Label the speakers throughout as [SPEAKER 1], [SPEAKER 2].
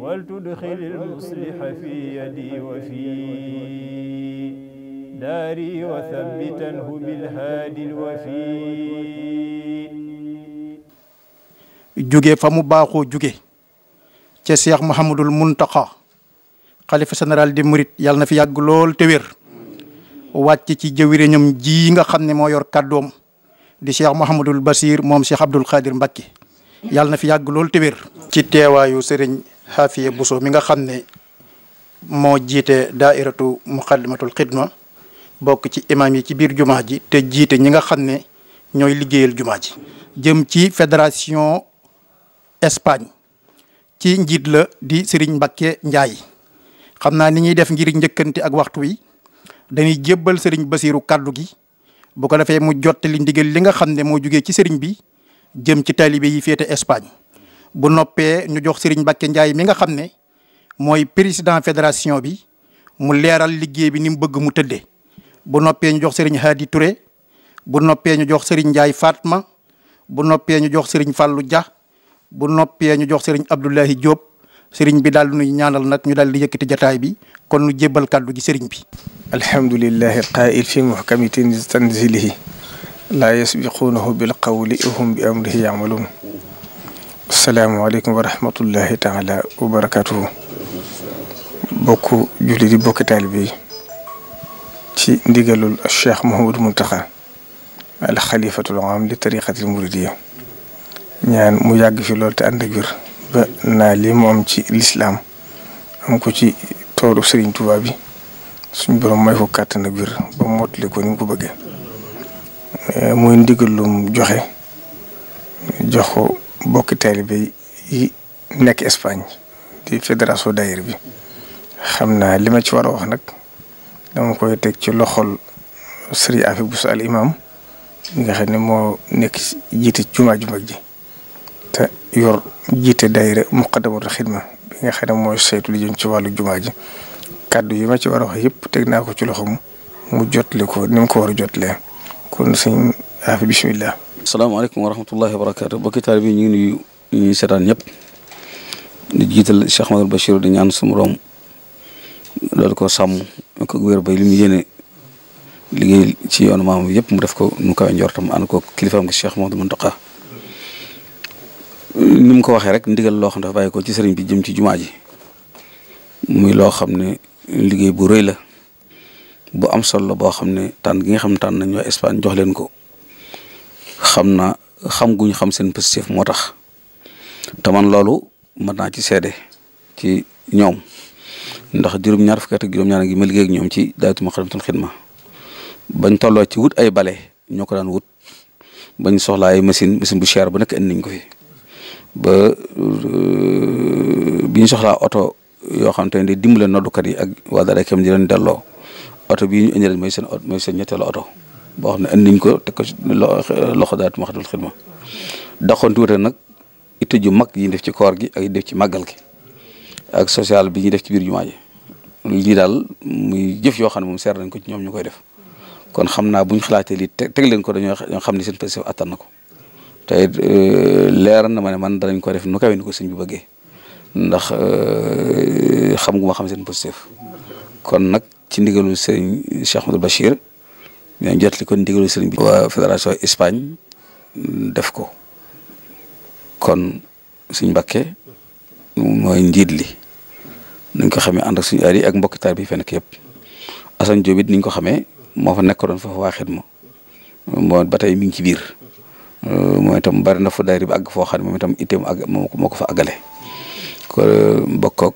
[SPEAKER 1] ولتدخل المصلح في يدي وفي داري
[SPEAKER 2] fa mu baaxoo jóge ca Cheikh Mouhamadul Mountakha xalifa di murit yàlla na fi yàgg lool te wér wàcc ci jëwriñam ji nga xam ne moo yor kàddoom di Cheikh Mouhamadul Basir moom Cheikh Abdoul Khadir Mbacké yàlla na fi yàgg lool te wér ci teewaayu sëriñ xaafiya Buso mi nga xam ne moo jiite daairatu muqaddimatul xidma bokk ci imaam yi ci biir jumaa ji te jiite ñi nga xam ne ñooy liggéeyal jumaa ji jëm ci fédération Espagne ci njiit la di Serigne Mbakke Njaay xam naa ni ñuy def ngir njëkkante ak waxtu wi dañuy jëbal sëriñ Basiiru kàddu gi bu ko defee mu jottali ndigal li nga xam ne moo jugee ci Serigne bi jëm ci taalibe yi féete Espagne bu noppee ñu jox Serigne Mbacke Ndiaye mi nga xam ne mooy président fédération bi mu leeral liggéey bi ni mu bëgg mu tëddee bu noppee ñu jox Serigne Hadi Touré bu noppee ñu jox Serigne Ndiaye Fatma bu noppee ñu jox Serigne Fallou Dia bu noppee ñu jox Serigne Abdoulahi Diop Serigne bi daal nuy ñaanal nag ñu daal di yëkkati jataay bi kon nu jébbal kàddu gi Serigne bi.
[SPEAKER 3] alhamdulillahi qaa'il fi muhkami tanzilihi laa yasbiquunahu bil qawli wa hum bi amrihi ya'maluun salaamaaleykum wa rahmatullahi taala wa barakaatuhu bokku julli di bokki taalibe ci ndigalul cheikh Mouhamadou Mountakha al xalifatul am li tariqatil muridiyya ñaan mu yàgg fi loolu te ànd ak ba naa li mu ci lislaam am ko ci toolu Serigne Touba bi suñ borom may ko kàttan ak ba mottali ko ni ko bëggee eh, muy ndigalum joxe jox ko bokki taalibe yi nekk Espagne di fédération daayir bi xam naa li ma ci war a wax nag dama koy teg ci loxol sëriñ Afi Bousso al imam mi nga xam ne moo nekk jiite jumaa ju mag ji te yor jiite daayira muqaddamatu xidma bi nga xam ne mooy saytu li ci wàllu jumaa ji kàddu yi ma ci war a wax yëpp teg naa ko ci loxo mu mu jotle ko ni mu ko war a jotlee kon sëñ Afi bismillah
[SPEAKER 4] salaamaaleykum wa rahmatullahi wa barakaatu bokki taal ñu ngi nuyu ñuy seetaan ñëpp di jiital Cheikh Ahmadul Bachir di ñaan suñu borom loolu ko sàmm ko wér bay li mu yéene liggéey ci yoonu maam bi yëpp mu def ko mu kawe njortam ànd ko kilifaam gi Cheikh Mouhamadou Mountakha ni mu ko waxee rek ndigal loo xam dafa bàyyi ko ci sëriñ bi jëm ci jumaa ji muy loo xam ne liggéey bu rëy la bu am solo la boo xam ne tànn gi nga xam tànn nañ waa Espagne jox leen ko xam na xam guñ xam seen positif moo tax te loolu mën naa ci seede ci ñoom ndax juróom-ñaar fukki at ak juróom-ñaar ngi ma liggéey ñoom ci daaytu Moukhaddamatoul Khidma bañ tolloo ci wut ay bale ñoo ko daan wut bañ soxla ay machine machine bu cher bu nekk indi nañ ko fi ba euh, bi ñu soxlaa oto yoo xam te ne day dimbale noddukat yi ak waa dara kam di leen delloo oto bii ñu indi leen mooy mooy seen ñetteelu oto boo xam ne indi nañ ko teg ko ci loxo daal Moukhaddamatoul Khidma doxantuute nag itte ju mag yi def ci koor gi ak yi def ci màggal gi ak social bi ñuy def ci biir jumaa ji lii daal muy jëf yoo xam ne moom seer nañ ko ci ñoom ñu koy def kon xam naa bu xalaatee lii teg teg leen ko dañoo xam ne seen passif attan ko te it euh, na ma ne man danañ ko def nu kawe ko sëñ bi bëggee ndax euh, xam gu xam seen passif kon nag ci ndigalu sëñ Cheikh Ahmadou Bachir. ñoom jot li ko ndigalu sëriñ bi. waa fédération Espagne def ko kon suñ Mbakke mooy njiit li nañ ko xamee ànd ak suñu aar yi ak mbokki taal bi fenn ki yëpp Assane Diop it niñ ko xamee moo fa nekkoon foofu waa xidma moo ba tey mi ngi ci biir mooy itam bari na fa daayira bi àgg foo xam ne moom itam itteem àgg moo ko fa àggale ko mbokk ak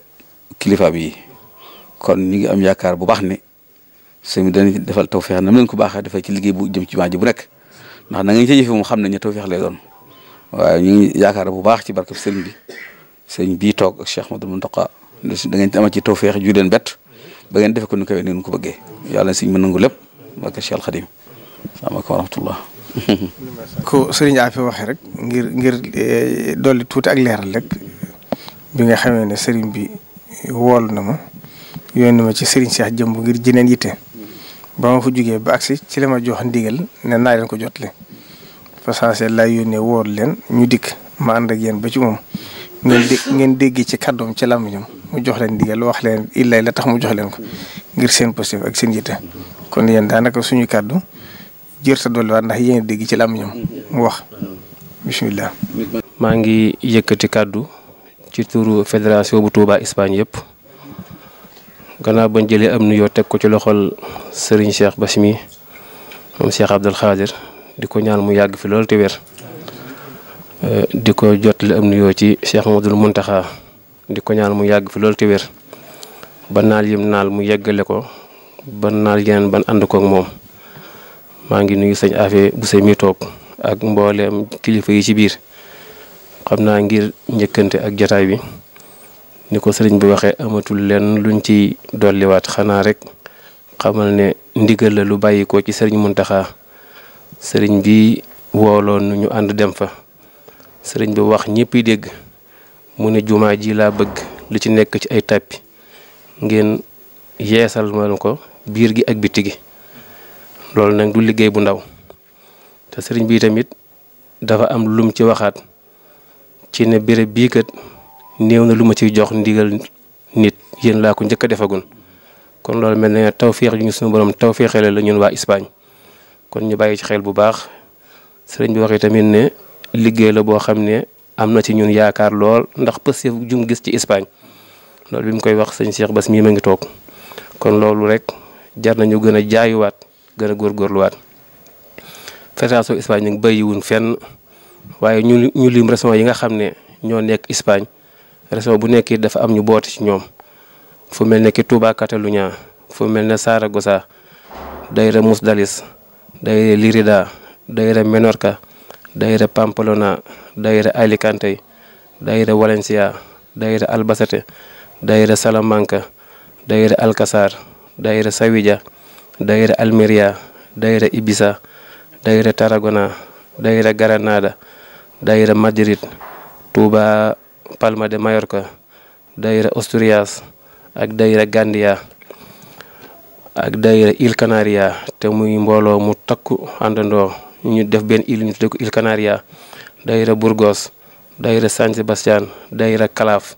[SPEAKER 4] kon ñu ngi am yaakaar bu baax ni sëñ bi defal defal feex nam leen ko baaxee dafay ci liggéey bu jëm ci jumaa ji bu nekk ndax na ngeen ca jëfe moom xam nañ ne tawféex lay doon waaye ñu ngi yaakaar bu baax ci barkeb sëriñ bi sëriñ bii toog ak Cheikh Madou Mountakha da ngeen amal ci tawféex ju leen bett ba ngeen defe ko nu kawe ni ko bëggee yàlla sëñ mën nangu lépp barke Cheikh Alxadim salaamaaleykum wa rahmatullah ko sëriñ
[SPEAKER 3] Afi waxee rek ngir ngir eh, dolli tuuti ak leeral rek bi nga xamee ne sëriñ bi wool na ma yónni ma ci Serigne Cheikh jëmb ngir jëneen yitte ba ma fa jugee ba agsi ci la ma jox ndigal ne naa leen ko jotle façancé lay yónnee woor leen ñu dikk ma ak yéen ba ci moom
[SPEAKER 1] ngeen
[SPEAKER 3] dégg ci kàddoom ci làmmiñam mu jox leen ndigal wax leen illay la tax mu jox leen ko ngir seen positif ak seen yitte kon yéen daanaka suñu kàddu jërta dolliwaat ndax yéen dégg ci làmmiñam mu wax bisimilah.
[SPEAKER 5] maa ngi yëkkati kàddu ci turu fédération bu Touba Espagne yëpp. gannaaw bañ jëlee am nuyoo teg ko ci loxol sëriñ ba si mi moom Cheikh Abdul Xaadir di ko ñaan mu yàgg fi loolu te wér euh, di ko jotale am nuyoo ci Cheikh Madul Muntaxa di ko ñaan mu yàgg fi loolu te wér ba naal yim naal mu yeggale ko ba naal yeneen ban ànd kook moom maa ngi nuyu sëñ Afé bu sëñ mi toog ak mbooleem kilifa yi ci biir xam naa ngir njëkkante ak jataay bi ni ko sëriñ bi waxee amatul leen lu luñ ciy dolliwaat xanaa rek xamal ne ndigal la lu bàyyi ko ci sëriñ Muntaxa sëriñ bi wooloon nu ñu ànd dem fa sëriñ bi wax ñëpp dégg mu ne jumaa ji laa bëgg li ci nekk ci ay tàppi ngeen yeesal ma ko biir gi ak bitti gi loolu nag du liggéey bu ndaw te sëriñ bi tamit dafa am lum ci waxaat ci ne béréb bii kat néew na lu ma ciy jox ndigal nit yéen laa ko njëkk a defagun kon loolu mel na tawféex yu ñu suñu borom tawféexale la ñun waa Espagne kon ñu bàyyi ci xel bu baax sëriñ bi waxee tamit ne liggéey la boo xam ne am na ci ñun yaakaar lool ndax pësef jum gis ci Espagne loolu bi koy wax sëñ Cheikh Bass mii ma ngi toog kon loolu rek jar nañu gën a jaayuwaat gën a góorgóorluwaat fédération Espagne nag bàyyiwuñ fenn waaye ñu ñu lim régions yi nga xam ne ñoo nekk Espagne région bu nekk dafa am ñu boot ci ñoom fu mel ne ki Touba Catalunya fu mel ne Saragossa dayra Musdalis dayra Lirida dayra Menorca dayra Pamplona dayra Alicante dayra Valencia dayra Albacete dayra Salamanca dayra Alcasar dayra Sawija dayra Almeria dayra Ibiza dayra Tarragona dayra Granada dayra Madrid Touba Palma de Mallorca daayira Asturias ak daayira Gandia ak daayira Îles Canaries te muy mbooloo mu takku àndandoo ñu def benn île ñu tudde ko Îles Canaries daayira Burgos daayira San Sebastian daayira Calaf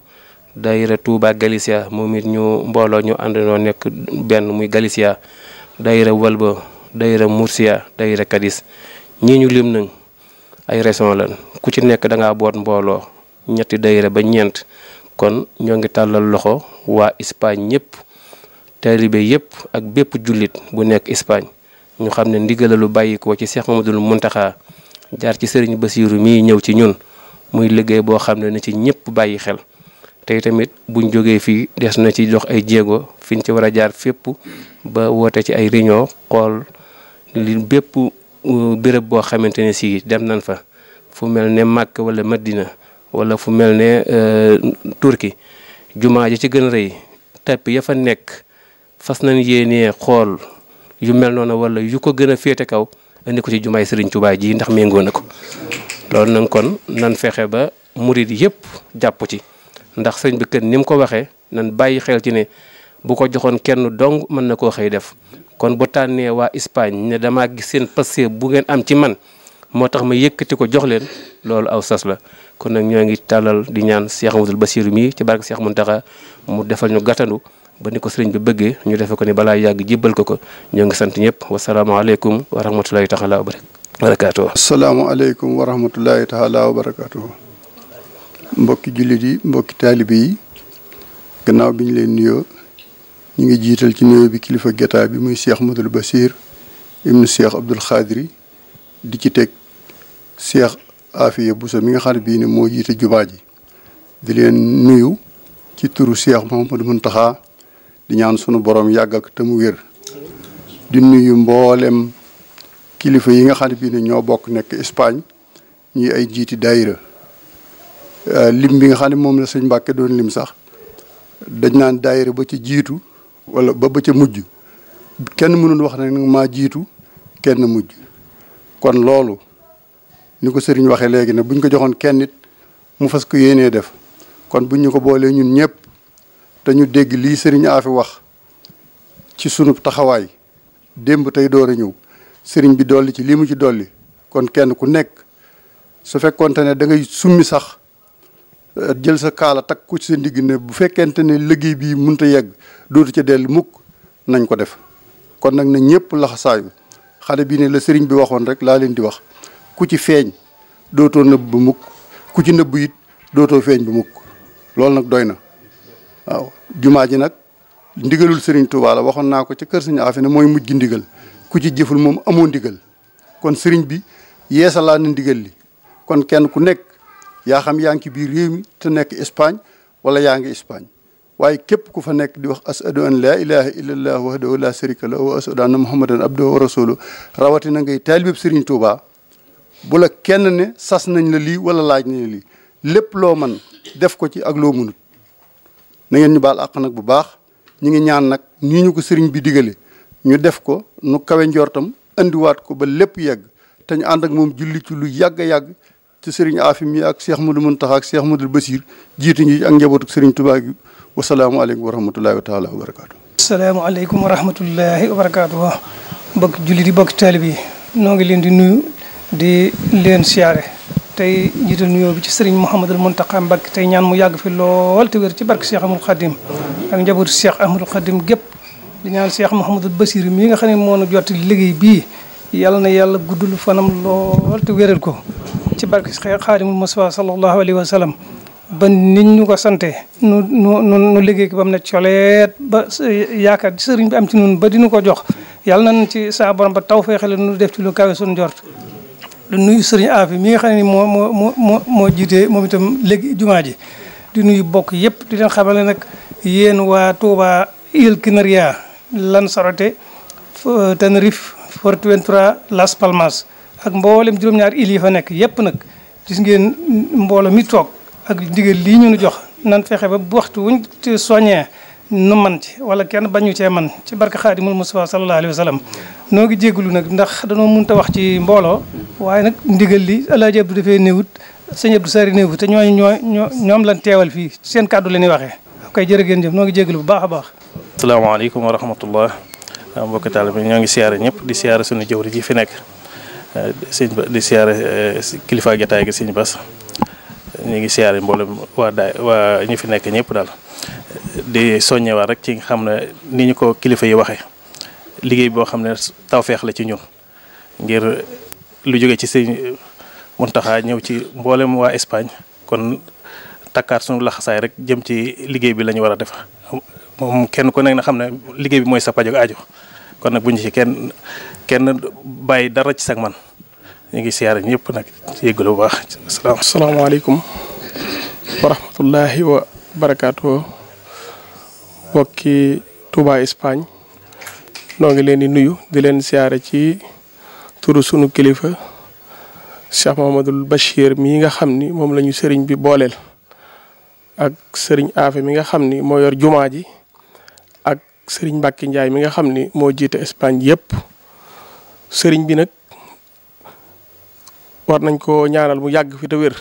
[SPEAKER 5] daayira Touba Galicia moom it ñu mbooloo ñu àndandoo nekk benn muy Galicia daayira Walba daayira Murcia daayira Cadiz ñii ñu lim nañ ay région la ku ci nekk da ngaa boot mbooloo ñetti dayira ba ñeent kon ñoo ngi tàllal loxo waa Espagne ñëpp taalibe yëpp ak bépp jullit bu nekk Espagne ñu xam ne ndigal lu bàyyi ko ci Cheikh Mamadou muntaxa jaar ci Serigne Bassirou mii ñëw ci ñun muy liggéey boo xam ne na ci ñëpp bàyyi xel tey tamit buñ jógee fii des na ci jox ay jéego fiñ ci war a jaar fépp ba woote ci ay réunion xool li bépp uh, béréb boo xamante ne si dem nañ fa fu mel ne Màkk wala Madina wala fu mel ne euh, Turki jumaa ji ci gën a rëy tapis ya fa nekk fas nañ yéenee xool yu mel noonu wala yu ko gën a féete kaw indi ko ci jumaay Serigne Touba ji ndax méngoo na ko loolu nag kon nan fexe ba murid yëpp jàpp ci ndax sëñ bi kën ni mu ko waxee nan bàyyi xel ci ne bu ko joxoon kenn dong mën na koo xëy def kon bu waa Espagne ne damaa gis seen passé bu ngeen am ci man moo tax ma yëkkati ko jox leen loolu aw sas la kon nag ñoo ngi tàllal di ñaan Cheikh Amadou Bassirou mii ci seex mun Mountakha mu defal ñu gàttandu ba ni ko sëriñ bi bëggee ñu defe ko ni balaa yàgg jibbal ko ko ñoo ngi sant ñëpp wasalaamaaleykum wa rahmatulahi taala wa
[SPEAKER 1] barakaatu. asalaamaaleykum wa rahmatulahi taala wa barakaatu. mbokki jullit yi mbokki taalibe yi gannaaw bi ñu leen nuyoo ñu ngi jiital ci nuyoo bi kilifa gétaa bi muy Cheikh Amadou Bassir ibnu Cheikh Abdoul Khadri di ci teg Cheikh bu Bousso mi nga xam bii ni moo jiite jubaa ji di leen nuyu ci turu Cheikh Mouhamadou Mountakha di ñaan sunu boroom yàggal ko te mu wér di nuyu mboolem kilifa yi nga xam bii ni ñoo bokk nekk Espagne ñuy ay jiiti daayira euh, lim bi nga xam ne moom la sëñ Mbàkke doon lim sax dañ naan daayira ba ca jiitu walla ba ba ca mujj kenn mënul wax ne maa jiitu kenn mujj kon loolu ni ko sëriñ waxee léegi ne buñ ko joxoon kenn nit mu fas ko yéenee def kon buñ ñu ko boolee ñun ñëpp dañu dégg lii sëriñ aa fi wax ci sunu taxawaay démb tey door a ñëw sëriñ bi dolli ci lii mu ci dolli kon kenn ku nekk su fekkonte ne da ngay summi sax euh, jël sa kaala takk ku ci sa ndigg ne bu fekkente ne liggéey bii mënut a yegg dootu ca dell mukk nañ ko def kon nag na ñëpp laxasaayu xale bi ne la sëriñ bi waxoon rek laa leen di wax ku ci feeñ dootoo nëbb bu mukk ku ci nëbb it dootoo feeñ bu mukk loolu nag doy na waaw jumaa ji nag ndigalul sëriñ Touba la waxoon naa ko ca kër sëriñ Afia ne mooy mujj gi ndigal ku ci jëful moom amoo ndigal kon sëriñ bi yeesalaa na ndigal li kon kenn ku nekk yaa xam yaa ngi ci biir réew mi te nekk Espagne wala yaa ngi Espagne waaye képp ku fa nekk di wax asadu an laa ilaha illa allah wahdahu la sharika lahu wa asadu anna muhammadan abduhu wa rawatina ngay taalibeb Serigne Touba bu la kenn ne sas nañ la lii wala laaj nañ la lii lépp loo man def ko ci ak loo mënut na ngeen ñu baal àq nag bu baax ñu ngi ñaan nag ñu ñu ko sëriñ bi digale ñu def ko nu kawe njortam indiwaat ko ba lépp yegg te ñu ànd ak moom julli ci lu yàgg a yàgg te sëriñ Afi mi ak Cheikh Modou Mountakha ak Cheikh Modou Bassir jiite ñi ak njabootu sëriñ Touba gi wasalaamualeykum wa rahmatullahi wa taala wa barakaatu.
[SPEAKER 6] asalaamaaleykum wa rahmatullahi wa barakaatu. mbokk julli di bokk taalib yi noo ngi leen di nuyu di leen siyaare tey jiital nuyoo bi ci sëriñ Mouhamadul Mountakha Mbacké tey ñaan mu yàgg fi lool te wér ci barke Cheikh Amadou Khadim ak njabootu Cheikh Amadou Khadim gépp di ñaan Cheikh Mouhamadul Bassir mii nga xam ne moo nu liggéey bii. yàlla na yàlla guddul fanam lool te wéral ko ci barke xaadimu Mustafaa sallallahu alayhi wa sallam ba nit ñu ko sante nu nu nu liggéey ko ba mu ne coleet ba yaakaar sëriñ bi am ci noonu ba dina ko jox yàlla nañ ci saa borom ba taw feexale nu def ci lu kawe suñu njort du nuyu sëriñ Afi mi nga xam ne moo moo moo moo moo jiitee moom itam léegi jumaa ji du nuyu bokk yëpp di leen xamale nag yéen waa Touba Îles Canaries Lanzarote Tenerife Fuerteventura Las Palmas ak mboolem juróom ñaar îles fa nekk yépp nag gis ngeen mbooloo mi toog ak ndigal lii ñu nu jox nan fexe ba bu waxtu wuñ ci soññee nu man ci wala kenn bañu cee man ci barka xaadimul Mustafa sallallahu alayhi wa sallam noo ngi jégalu nag ndax danoo mënut a wax ci mbooloo waaye nag ndigal li Alaaji Abdu dafee néewut sëñ Abdou Sari néewut te ñooñu ñoo ñoom lan teewal fii seen kàddu la ñuy waxee. kay jërë ngeen jëf noo ngi jégalu bu baax a baax.
[SPEAKER 7] asalaamaaleykum wa rahmatullah mbokk taalibe ñoo ngi siyaare ñëpp di siyaare suñu jëwri ji fi nekk eh, sëñ ba di siyaare eh, kilifa jataay gi sëñ Bass eh, ñu ngi siyaare mboolem waa daay waa ñi fi nekk ñëpp daal di soññewaat rek ci nga xam ne ni ñu ko kilifa yi waxee liggéey boo xam ne tawfeex la ci ñun ngir lu jóge ci sëñ Muntaxa ñëw ci mboolem waa Espagne kon takkaat suñu laxasaay rek jëm ci liggéey bi lañu ñu war a def moom kenn ku nekk na xam ne liggéey bi mooy sa pajo aajo kon nag bu ñu ci kenn bàyyi dara ci sag man ñu ngi siyaare ñëpp nag ci yëglu bu baax. asalaamaaleykum wa rahmatullahi wa barakaatu bokki Touba Espagne noo ngi leen di nuyu di leen siyaare ci turu sunu kilifa Cheikh Mouhamadoul Bachir mii nga xam ni moom la sëriñ bi booleel ak sëriñ Afe mi nga xam ni moo jumaa ji. sëriñ Mbacke njaay mi nga xam ni moo jiite Espagne yëpp sëriñ bi nag war nañ ko ñaanal mu yàgg fi te wér.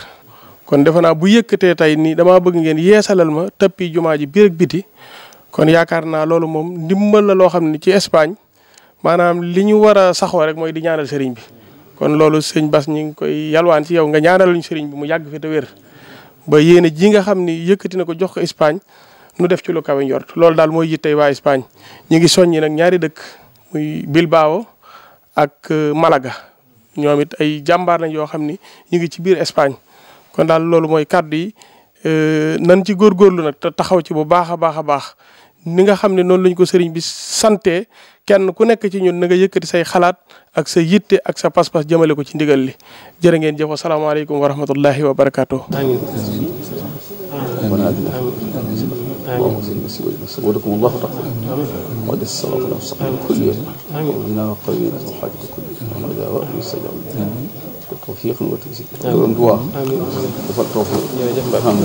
[SPEAKER 7] kon defe naa bu yëkkatee tey nii damaa bëgg ngeen yeesalal ma tapis jumaa ji biir ak biti kon yaakaar naa loolu moom ndimbal na loo xam ne ci Espagne maanaam li ñu war a saxoo rek mooy di ñaanal sëriñ bi. kon loolu sëñ Bas ñi ngi koy yalwaan ci yow nga ñaanal ñu sëriñ bi mu yàgg fi te wér ba yéene ji nga xam ni yëkkati na ko jox ko Espagne. nu def ci lu kawe njort loolu daal mooy yittey waa Espagne ñu ngi soññi nag ñaari dëkk muy Bilbao ak euh, Malaga ñoom it ay jàmbaar lañ yoo xam ni ñu ngi ci biir Espagne kon daal loolu mooy kàddu yi euh, nan ci góor góorgóorlu nag te taxaw ci bu baax a baax a baax ni nga xam ne noonu lañ ko sëriñ bi sante kenn ku nekk ci ñun na nga yëkkati say xalaat ak sa yitte ak sa pas-pas jëmale ko ci ndigal li jërë ngeen jëf asalaamaaleykum wa rahmatullahi wa barakaatu.
[SPEAKER 4] التي ونسودكم الله الرحمن قد الصراط المستقيم كل يوم
[SPEAKER 5] ومنا وقوينا وحاجة كل يوم وإذا وقوا يستجعون بتوفيق وتيسير
[SPEAKER 4] دعاء دفع
[SPEAKER 6] التوفيق